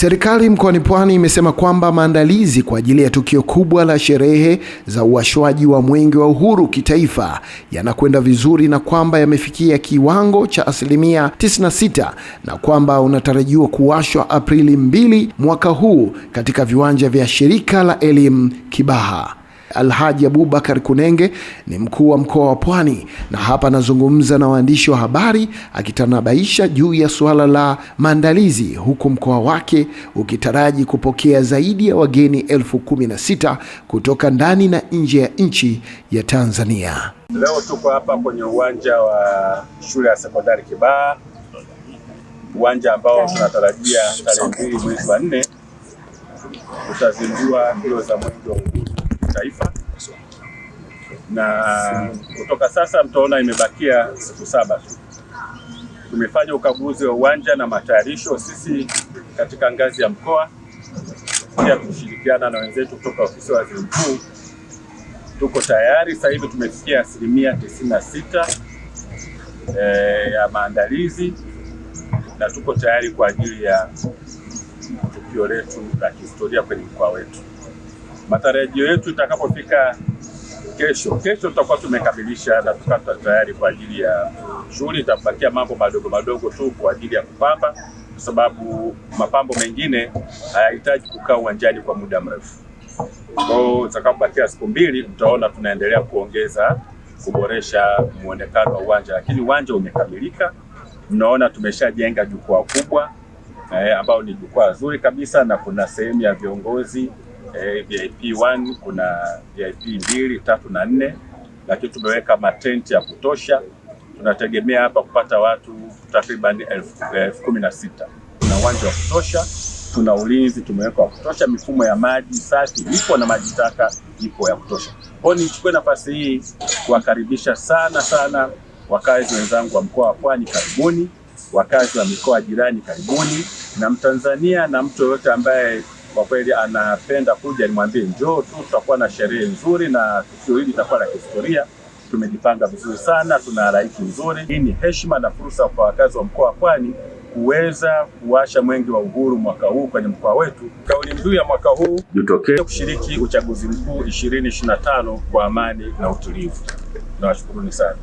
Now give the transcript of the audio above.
Serikali mkoani Pwani imesema kwamba maandalizi kwa ajili ya tukio kubwa la sherehe za uwashwaji wa mwenge wa uhuru kitaifa yanakwenda vizuri na kwamba yamefikia kiwango cha asilimia 96 na kwamba unatarajiwa kuwashwa Aprili 2 mwaka huu katika viwanja vya shirika la elimu Kibaha. Alhaji Abubakar Kunenge ni mkuu wa mkoa wa Pwani, na hapa anazungumza na waandishi wa habari akitanabaisha juu ya suala la maandalizi, huku mkoa wake ukitaraji kupokea zaidi ya wageni elfu kumi na sita kutoka ndani na nje ya nchi ya Tanzania. Leo tuko hapa kwenye uwanja wa shule ya sekondari Kibaha, uwanja ambao tunatarajia tarehe mbili mwezi wa nne utazindua mbio za mwenge wa uhuru taifa na kutoka sasa mtaona imebakia siku saba tu. Tumefanya ukaguzi wa uwanja na matayarisho sisi katika ngazi ya mkoa, pia kushirikiana na wenzetu kutoka ofisi ya waziri mkuu. Tuko tayari sasa hivi, tumefikia asilimia sita e, ya maandalizi na tuko tayari kwa ajili ya tukio letu la kihistoria kwenye mkoa wetu matarajio yetu itakapofika kesho, kesho tutakuwa tumekamilisha na tukata tayari kwa ajili ya shughuli. Itabakia mambo madogo madogo tu kwa ajili ya kupamba, kwa sababu mapambo mengine hayahitaji kukaa uwanjani kwa muda mrefu. Kwa itakapobakia siku mbili, mtaona tunaendelea kuongeza kuboresha muonekano wa uwanja, lakini uwanja umekamilika. Mnaona tumeshajenga jukwaa kubwa eh, ambao ni jukwaa zuri kabisa, na kuna sehemu ya viongozi eh, VIP 1 kuna VIP mbili tatu na nne, lakini tumeweka matenti ya kutosha. Tunategemea hapa kupata watu takriban elfu kumi na sita. Tuna uwanja wa kutosha, tuna ulinzi tumeweka wa kutosha, mifumo ya maji safi ipo na maji taka ipo ya kutosha. Kwa hiyo nichukue nafasi hii kuwakaribisha sana sana wakazi wenzangu wa mkoa wa Pwani, karibuni. Wakazi wa mikoa jirani, karibuni. Na Mtanzania na mtu yoyote ambaye kwa kweli anapenda kuja, nimwambie njoo tu, tutakuwa na sherehe nzuri na tukio hili litakuwa la kihistoria. Tumejipanga vizuri sana, tuna halaiki nzuri. Hii ni heshima na fursa kwa wakazi wa mkoa wa Pwani kuweza kuwasha mwenge wa uhuru mwaka huu kwenye mkoa wetu. Kauli mbiu ya mwaka huu jitokee kushiriki uchaguzi mkuu 2025 kwa amani na utulivu. Nawashukuruni sana.